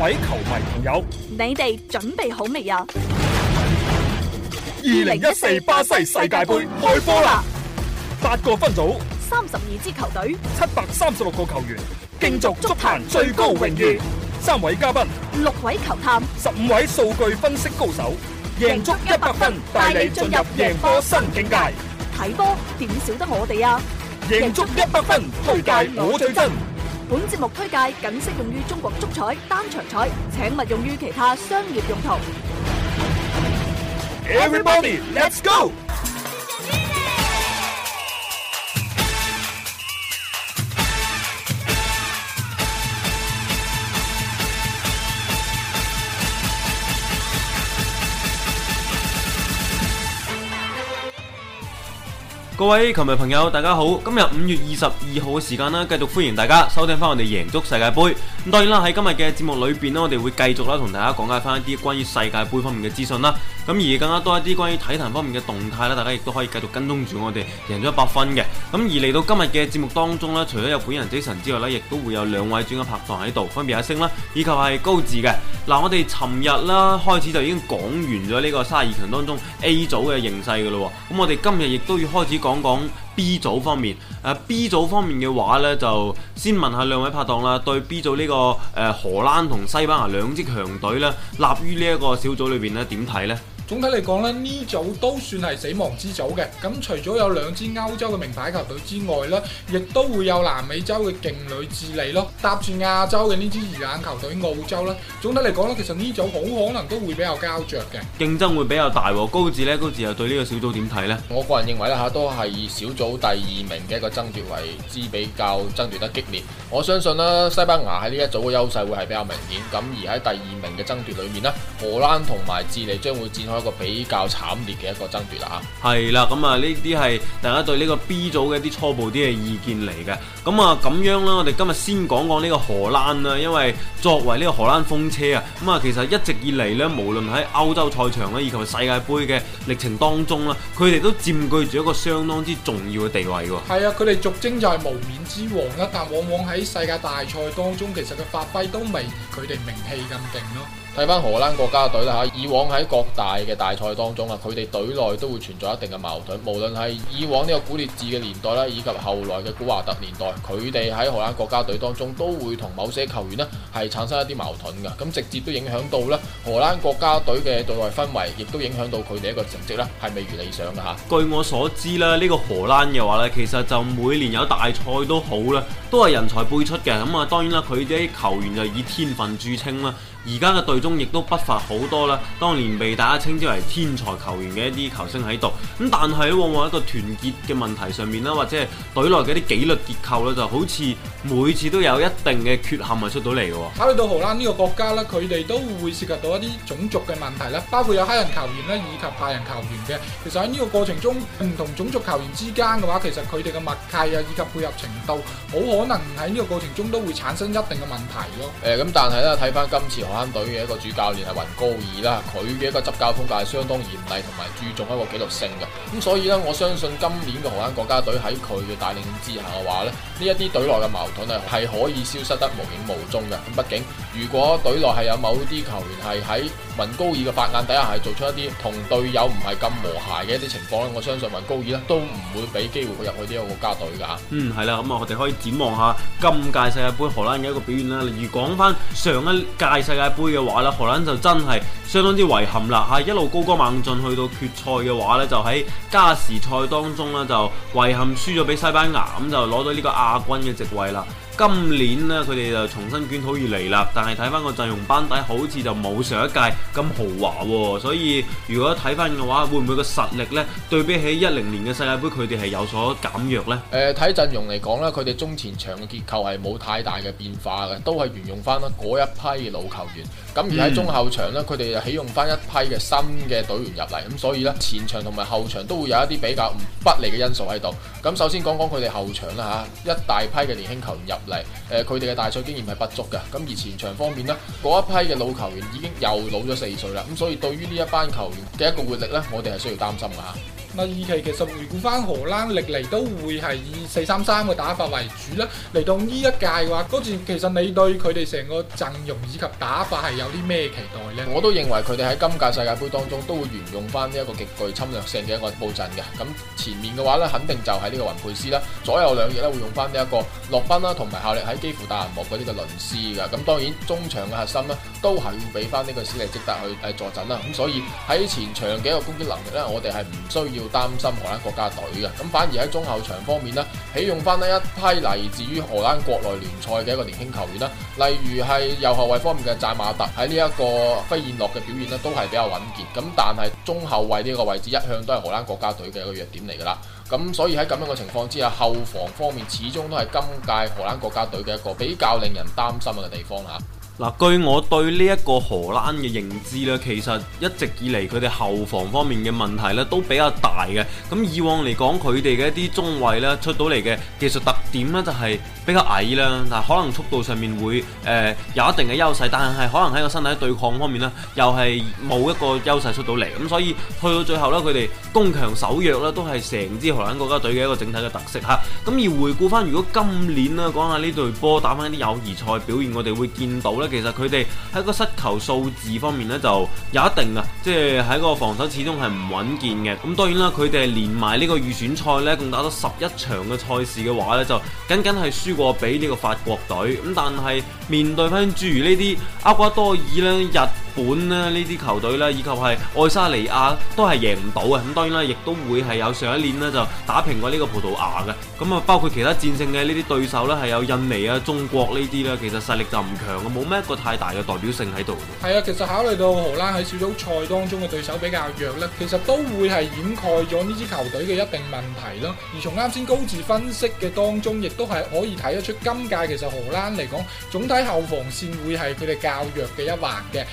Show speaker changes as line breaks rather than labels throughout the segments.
位球迷朋友，你哋準備好未啊？二零一四巴西世界杯開波啦！八個分組，三十二支球隊，七百三十六個球員，競逐足壇最高榮譽。三位嘉賓，六位球探，十五位數據分析高手，贏足一百分，帶你進入贏波新境界。睇波點少得我哋啊！贏足一百分推介我最真。本節目推介僅適用於中國足彩、單場彩，請勿用於其他商業用途。Everybody, let's go!
各位球迷朋友，大家好！今日五月二十二號嘅時間啦，繼續歡迎大家收聽返我哋贏足世界杯。咁當然啦，喺今日嘅節目裏邊咧，我哋會繼續啦同大家講解返一啲關於世界杯方面嘅資訊啦。咁而更加多一啲關於體壇方面嘅動態啦，大家亦都可以繼續跟蹤住我哋贏足一百 FUN 嘅。咁而嚟到今日嘅節目當中咧，除咗有本人精神之外咧，亦都會有兩位專家拍檔喺度，分別係星啦以及係高志嘅。嗱，我哋尋日啦開始就已經講完咗呢個三十二強當中 A 組嘅形勢噶啦，咁我哋今日亦都要開始講講。B 組方面，誒、uh, B 組方面嘅話咧，就先問下兩位拍檔啦，對 B 組呢、呢個誒、呃、荷蘭同西班牙兩支強隊咧，立於呢一個小組裏邊咧，點睇咧？總
體嚟講咧，呢組都算係死亡之組嘅。咁除咗有兩支歐洲嘅名牌球隊之外呢，亦都會有南美洲嘅勁旅智利咯，搭住亞洲嘅呢支魚腩球隊澳洲啦。總體嚟講呢，其實呢組好可能都會比較膠着嘅。
競爭會比較大喎，高智呢？高智又對呢個小組點睇呢？我個人認為呢吓，都係以小組第二
名嘅一個爭奪為之比較爭奪得激烈。我相信啦，西班牙喺呢一組嘅優勢會係比較明顯。咁而喺第二名嘅爭奪裏面呢，荷蘭同埋智利將會展開。一個比較慘烈嘅一個爭奪啦，
係啦，咁啊，呢啲係大家對呢個 B 組嘅一啲初步啲嘅意見嚟嘅。咁啊，咁樣啦，我哋今日先講講呢個荷蘭啦，因為作為呢個荷蘭風車啊，咁啊，其實一直以嚟呢，無論喺歐洲賽場啦，以及世界杯嘅歷程當中啦，佢哋都佔據住一個相當之重要嘅地位㗎。係
啊，佢哋俗稱就係無冕之王啦，但往往喺世界大賽當中，其實佢發揮都未佢哋名氣咁勁咯。
睇翻荷蘭國家隊啦嚇，以往喺各大嘅大賽當中啊，佢哋隊內都會存在一定嘅矛盾。無論係以往呢個古列治嘅年代啦，以及後來嘅古華特年代，佢哋喺荷蘭國家隊當中都會同某些球員呢係產生一啲矛盾嘅。咁直接都影響到咧荷蘭國家隊嘅隊內氛圍，亦都影響到佢哋一個成績啦，係未如理想嘅嚇。
據我所知啦，呢個荷蘭嘅話呢，其實就每年有大賽都好啦，都係人才輩出嘅。咁啊，當然啦，佢哋啲球員就以天分著稱啦。而家嘅隊中亦都不乏好多啦，當年被大家稱之為天才球員嘅一啲球星喺度，咁但係往往一個團結嘅問題上面啦，或者係隊內嘅啲紀律結構咧，就好似每次都有一定嘅缺陷係出到嚟嘅。
考慮到荷蘭呢個國家咧，佢哋都會涉及到一啲種族嘅問題咧，包括有黑人球員咧以及白人球員嘅。其實喺呢個過程中，唔同種族球員之間嘅話，其實佢哋嘅默契啊以及配合程度，好可能喺呢個過程中都會產生一定嘅問題咯。
誒、嗯，咁但係咧睇翻今次。荷蘭隊嘅一個主教練係雲高爾啦，佢嘅一個執教風格係相當嚴厲同埋注重一個紀律性嘅。咁所以咧，我相信今年嘅荷蘭國家隊喺佢嘅帶領之下嘅話咧，呢一啲隊內嘅矛盾係係可以消失得無影無蹤嘅，咁畢竟。如果隊內係有某啲球員係喺文高爾嘅法眼底下係做出一啲同隊友唔係咁和諧嘅一啲情況咧，我相信文高爾咧都唔會俾機會佢入去呢一個國家
隊㗎、嗯。嗯，係啦，咁啊，我哋可以展望下今屆世界盃荷蘭嘅一個表現啦。而如講翻上一屆世界盃嘅話啦，荷蘭就真係相當之遺憾啦嚇，一路高歌猛進去到決賽嘅話咧，就喺加時賽當中咧就遺憾輸咗俾西班牙，咁就攞到呢個亞軍嘅席位啦。今年咧，佢哋就重新捲土而嚟啦。但係，睇翻個陣容班底，好似就冇上一屆咁豪華喎、哦。所以如果睇翻嘅話，會唔會個實力呢？對比起一零年嘅世界盃，佢哋係有所減弱呢？
誒、呃，睇陣容嚟講咧，佢哋中前場嘅結構係冇太大嘅變化嘅，都係沿用翻嗰一批老球員。咁而喺中後場咧，佢哋就起用翻一批嘅新嘅隊員入嚟，咁所以咧前場同埋後場都會有一啲比較唔不利嘅因素喺度。咁首先講講佢哋後場啦吓，一大批嘅年輕球員入嚟，誒佢哋嘅大賽經驗係不足嘅。咁而前場方面咧，嗰一批嘅老球員已經又老咗四歲啦，咁所以對於呢一班球員嘅一個活力咧，我哋係需要擔心嘅吓。
嗱，二期其實回顧翻荷蘭歷嚟都會係以四三三嘅打法為主啦。嚟到呢一屆嘅話，嗰陣其實你對佢哋成個陣容以及打法係有啲咩期待呢？我都認為佢哋喺今屆世界杯當中都會沿
用翻呢一個極具侵略性嘅一個布陣嘅。咁前面嘅話呢，肯定就係呢個雲佩斯啦，左右兩翼咧會用翻呢一個洛賓啦，同埋效力喺基輔戴拿模嗰啲嘅倫斯噶。咁當然中場嘅核心啦，都係會俾翻呢個史尼積特去誒坐陣啦。咁所以喺前場嘅一個攻擊能力呢，我哋係唔需要要擔心荷蘭國家隊嘅，咁反而喺中後場方面呢，起用翻咧一批嚟自於荷蘭國內聯賽嘅一個年輕球員啦，例如係右後衛方面嘅贊馬特喺呢一個飛燕諾，嘅表現呢都係比較穩健。咁但係中後衛呢個位置一向都係荷蘭國家隊嘅一個弱點嚟噶啦，咁所以喺咁樣嘅情況之下，後防方面始終都係今屆荷蘭國家隊嘅一個比較令人擔心嘅地方吓。
嗱，據我對呢一個荷蘭嘅認知咧，其實一直以嚟佢哋後防方面嘅問題咧都比較大嘅。咁以往嚟講，佢哋嘅一啲中衞咧出到嚟嘅技術特點咧就係、是、比較矮啦。嗱，可能速度上面會誒、呃、有一定嘅優勢，但係可能喺個身體對抗方面咧又係冇一個優勢出到嚟。咁所以去到最後咧，佢哋攻強守弱咧都係成支荷蘭國家隊嘅一個整體嘅特色嚇。咁、啊、而回顧翻，如果今年咧講下呢隊波打翻啲友誼賽表現，我哋會見到咧。其實佢哋喺個失球數字方面咧，就有一定啊，即係喺個防守始終係唔穩健嘅。咁當然啦，佢哋係連埋呢個預選賽咧，共打咗十一場嘅賽事嘅話咧，就僅僅係輸過俾呢個法國隊。咁但係面對翻諸如呢啲厄瓜多爾呢。日。本咧呢支球隊咧，以及係愛沙尼亞都係贏唔到嘅。咁當然啦，亦都會係有上一年咧就打平過呢個葡萄牙嘅。咁啊，包括其他戰勝嘅呢啲對手咧，係有印尼啊、中國呢啲啦。其實實力就唔強，冇咩一個太大嘅代表性喺度。
係啊，其實考慮到荷蘭喺小組賽當中嘅對手比較弱咧，其實都會係掩蓋咗呢支球隊嘅一定問題咯。而從啱先高智分析嘅當中，亦都係可以睇得出今屆其實荷蘭嚟講，總體後防線會係佢哋較弱嘅一環嘅。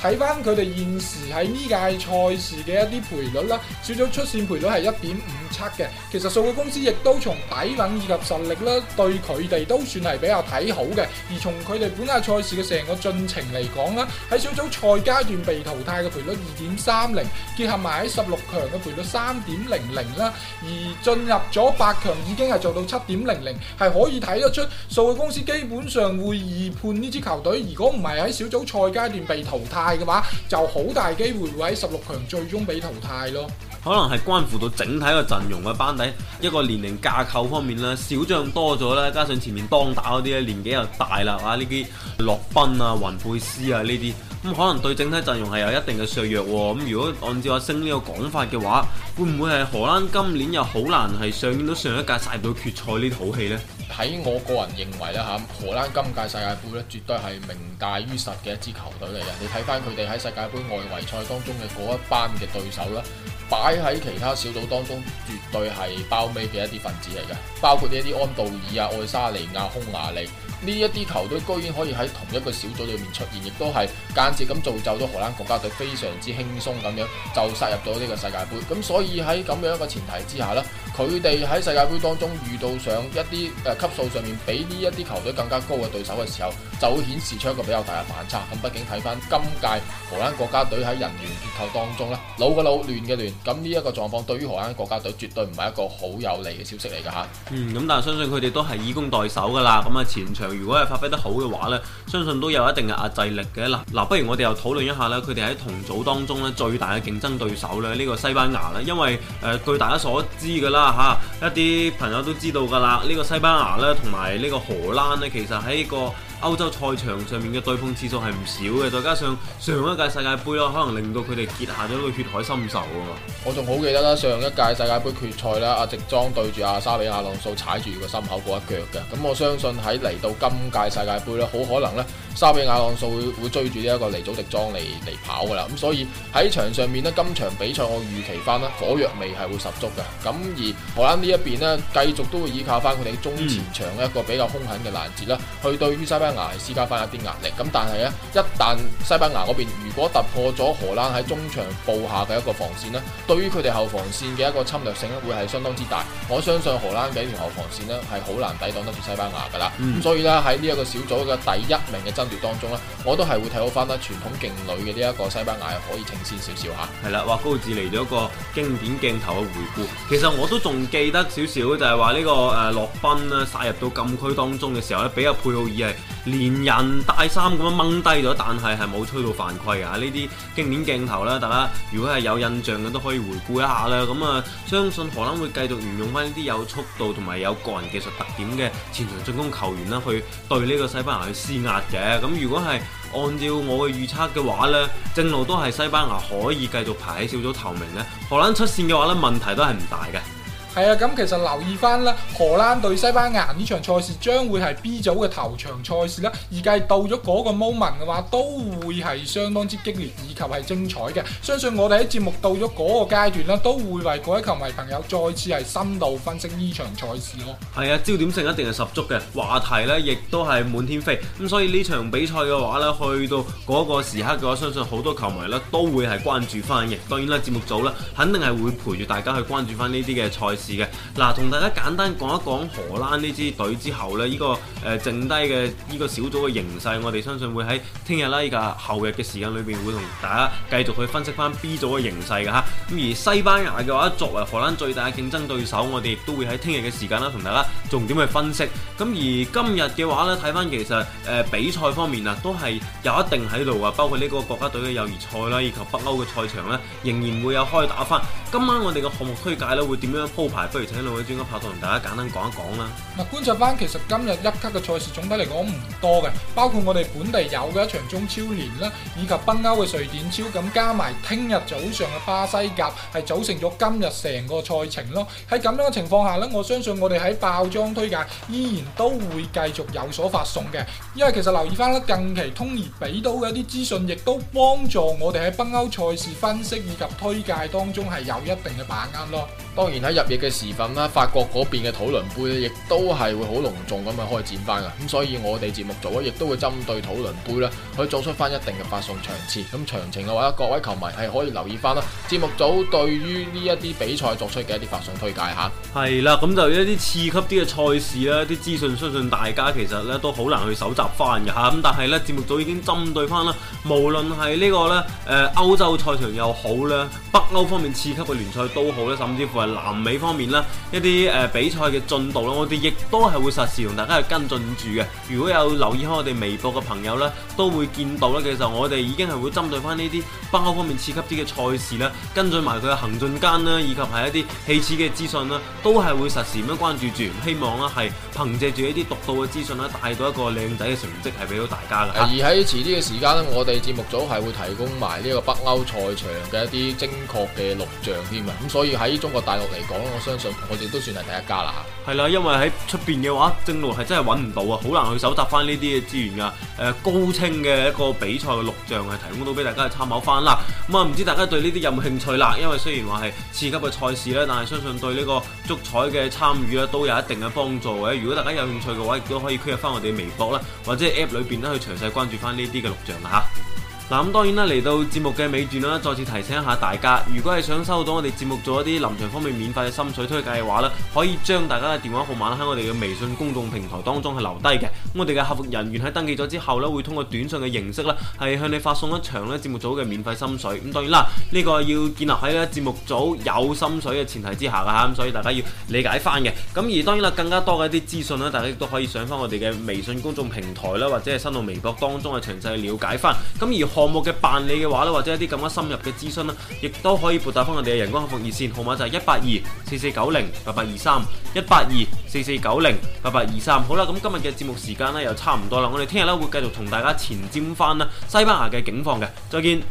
睇翻佢哋現時喺呢屆賽事嘅一啲賠率啦，小組出線賠率係一點五七嘅，其實數據公司亦都從底蘊以及實力啦，對佢哋都算係比較睇好嘅。而從佢哋本屆賽事嘅成個進程嚟講啦，喺小組賽階段被淘汰嘅賠率二點三零，結合埋喺十六強嘅賠率三點零零啦，而進入咗八強已經係做到七點零零，係可以睇得出數據公司基本上會預判呢支球隊，如果唔係喺小組賽階段被淘汰。淘汰嘅話，就好大機會會喺十六強最終被淘汰咯。
可能係關乎到整體嘅陣容嘅班底，一個年齡架構方面啦，小將多咗啦，加上前面當打嗰啲咧年紀又大啦，啊呢啲洛賓啊、雲佩斯啊呢啲。咁可能對整體陣容係有一定嘅削弱喎。哦，咁如果按照阿星呢個講法嘅話，會唔會係荷蘭今年又好難係上演到上一屆世界盃決賽呢套戲呢？喺我個人認為咧嚇，
荷蘭今屆世界盃咧，絕對係名大於實嘅一支球隊嚟嘅。你睇翻佢哋喺世界盃外圍賽當中嘅嗰一班嘅對手啦，擺喺其他小組當中，絕對係包尾嘅一啲分子嚟嘅，包括呢一啲安道爾啊、愛沙尼亞、匈牙利。呢一啲球隊居然可以喺同一個小組裏面出現，亦都係間接咁造就咗荷蘭國家隊非常之輕鬆咁樣就殺入咗呢個世界盃。咁所以喺咁樣一個前提之下呢，佢哋喺世界盃當中遇到上一啲誒、呃、級數上面比呢一啲球隊更加高嘅對手嘅時候，就會顯示出一個比較大嘅反差。咁畢竟睇翻今屆荷蘭國家隊喺人員結構當中呢，老嘅老，嫩嘅嫩，咁呢一個狀況對於荷蘭國家隊絕對唔係一個好有利嘅消息嚟㗎吓。嗯，
咁但係相信佢哋都係以攻代守㗎啦。咁啊，前場。如果係發揮得好嘅話呢相信都有一定嘅壓制力嘅啦。嗱，不如我哋又討論一下呢，佢哋喺同組當中呢最大嘅競爭對手呢，呢個西班牙啦，因為誒、呃、據大家所知嘅啦嚇，一啲朋友都知道嘅啦，呢個西班牙呢，同埋呢個荷蘭呢，其實喺個歐洲賽場上面嘅對碰次數係唔少嘅，再加上上一屆世界盃咯，可能令到佢哋結下咗個血海深仇啊嘛。
我仲好記得啦，上一屆世界盃決賽啦，阿迪莊對住阿沙比亞朗素踩住個心口嗰一腳嘅。咁我相信喺嚟到今屆世界盃咧，好可能咧，沙比亞朗素會會追住呢一個尼祖迪莊嚟嚟跑噶啦。咁所以喺場上面呢，今場比賽我預期翻咧，火藥味係會十足嘅。咁而荷蘭呢一邊呢，繼續都會依靠翻佢哋中前場一個比較兇狠嘅攔截啦，嗯、去對於沙比。西班牙係施加翻一啲壓力，咁但係咧，一旦西班牙嗰邊如果突破咗荷蘭喺中場布下嘅一個防線呢，對於佢哋後防線嘅一個侵略性會係相當之大。我相信荷蘭嘅條後防線呢係好難抵擋得住西班牙㗎啦。咁、嗯、所以咧喺呢一個小組嘅第一名嘅爭奪當中呢，我都係會睇好翻啦，傳統勁旅嘅呢一個西班牙可以領先少少嚇。
係啦，哇！高智嚟咗一個經典鏡頭嘅回顧，其實我都仲記得少少就、這個，就係話呢個誒洛賓咧殺入到禁區當中嘅時候咧，比阿配奧爾係。連人帶衫咁樣掹低咗，但係係冇吹到犯規啊！呢啲經典鏡頭咧，大家如果係有印象嘅都可以回顧一下啦。咁、嗯、啊，相信荷蘭會繼續沿用返呢啲有速度同埋有個人技術特點嘅前場進攻球員啦，去對呢個西班牙去施壓嘅。咁、嗯、如果係按照我嘅預測嘅話呢，正路都係西班牙可以繼續排喺小組頭名呢。荷蘭出線嘅話呢，問題都係唔大嘅。
係啊，咁、嗯、其實留意翻啦，荷蘭對西班牙呢場賽事將會係 B 組嘅頭場賽事啦。而計到咗嗰個 moment 嘅話，都會係相當之激烈以及係精彩嘅。相信我哋喺節目到咗嗰個階段啦，都會為各位球迷朋友再次係深度分析呢場賽事咯。
係啊，焦點性一定係十足嘅，話題咧亦都係滿天飛咁，所以呢場比賽嘅話咧，去到嗰個時刻嘅話，相信好多球迷咧都會係關注翻嘅。當然啦，節目組咧肯定係會陪住大家去關注翻呢啲嘅賽事。嘅嗱，同、啊、大家簡單講一講荷蘭呢支隊之後呢，呢、這個誒、呃、剩低嘅呢個小組嘅形勢，我哋相信會喺聽日啦依個後日嘅時間裏邊會同大家繼續去分析翻 B 組嘅形勢嘅哈。咁、啊、而西班牙嘅話，作為荷蘭最大嘅競爭對手，我哋亦都會喺聽日嘅時間啦同大家。重點去分析，咁而今日嘅話呢，睇翻其實誒、呃、比賽方面啊，都係有一定喺度啊，包括呢個國家隊嘅友誼賽啦，以及北歐嘅賽場咧，仍然會有開打翻。今晚我哋嘅項目推介咧，會點樣鋪排？不如請兩位專家拍檔同大家簡單講一講啦。
嗱，觀察翻，其實今日一級嘅賽事總體嚟講唔多嘅，包括我哋本地有嘅一場中超聯啦，以及北歐嘅瑞典超，咁加埋聽日早上嘅巴西甲，係組成咗今日成個賽程咯。喺咁樣嘅情況下呢，我相信我哋喺爆。將推介依然都會繼續有所發送嘅，因為其實留意翻啦，近期通而俾到嘅一啲資訊，亦都幫助我哋喺北歐賽事分析以及推介當中係有一定嘅把握咯。
當然喺入夜嘅時分啦，法國嗰邊嘅土倫盃咧，亦都係會好隆重咁去開展翻噶。咁所以我哋節目組亦都會針對土倫盃啦，去作出翻一定嘅發送場次。咁詳情嘅話，各位球迷係可以留意翻啦。節目組對於呢一啲比賽作出嘅一啲發送推介吓，
係啦，咁就一啲刺激啲嘅賽事啦，啲資訊相信大家其實咧都好難去搜集翻嘅嚇，咁但係咧節目組已經針對翻啦，無論係呢個咧誒歐洲賽場又好咧，北歐方面次級嘅聯賽都好咧，甚至乎係南美方面咧一啲誒、呃、比賽嘅進度咧，我哋亦都係會實時同大家去跟進住嘅。如果有留意開我哋微博嘅朋友咧，都會見到啦。其實我哋已經係會針對翻呢啲北歐方面次級啲嘅賽事咧，跟進埋佢嘅行進間啦，以及係一啲氣次嘅資訊啦，都係會實時咁樣關注住。希望啦，係憑借住呢啲獨到嘅資訊啦，帶到一個靚仔嘅成績係俾到大家啦。而喺遲啲嘅時間咧，我哋節目組係會提
供埋呢個北歐賽場嘅一啲精確嘅錄像添啊。咁所以喺中國大陸嚟講，我相信我哋都算係第一家啦。
係啦，因為喺出邊嘅話，正路係真係揾唔到啊，好難去搜集翻呢啲嘅資源噶。誒、呃，高清嘅一個比賽嘅錄像係提供到俾大家去參考翻啦。咁啊，唔知大家對呢啲有冇興趣啦？因為雖然話係次級嘅賽事咧，但係相信對呢個足彩嘅參與咧都有一定嘅。幫助嘅，如果大家有興趣嘅話，亦都可以去入翻我哋微博啦，或者 App 裏邊啦，去詳細關注翻呢啲嘅錄像吓。嗱咁，當然啦，嚟到節目嘅尾段啦，再次提醒一下大家，如果係想收到我哋節目組一啲臨場方面免費嘅心水推介嘅話呢，可以將大家嘅電話號碼喺我哋嘅微信公眾平台當中係留低嘅。咁我哋嘅客服人員喺登記咗之後呢，會通過短信嘅形式呢係向你發送一場呢節目組嘅免費心水。咁當然啦，呢、呢個要建立喺呢節目組有心水嘅前提之下嘅吓，咁所以大家要理解翻嘅。咁而當然啦，更加多嘅一啲資訊呢，大家亦都可以上翻我哋嘅微信公眾平台啦，或者係新浪微博當中去詳細去了解翻。咁而項目嘅辦理嘅話咧，或者一啲更加深入嘅諮詢咧，亦都可以撥打翻我哋嘅人工客服熱線號碼就，就係一八二四四九零八八二三，一八二四四九零八八二三。好啦，咁今日嘅節目時間咧又差唔多啦，我哋聽日咧會繼續同大家前瞻翻啦西班牙嘅賽況嘅，再見。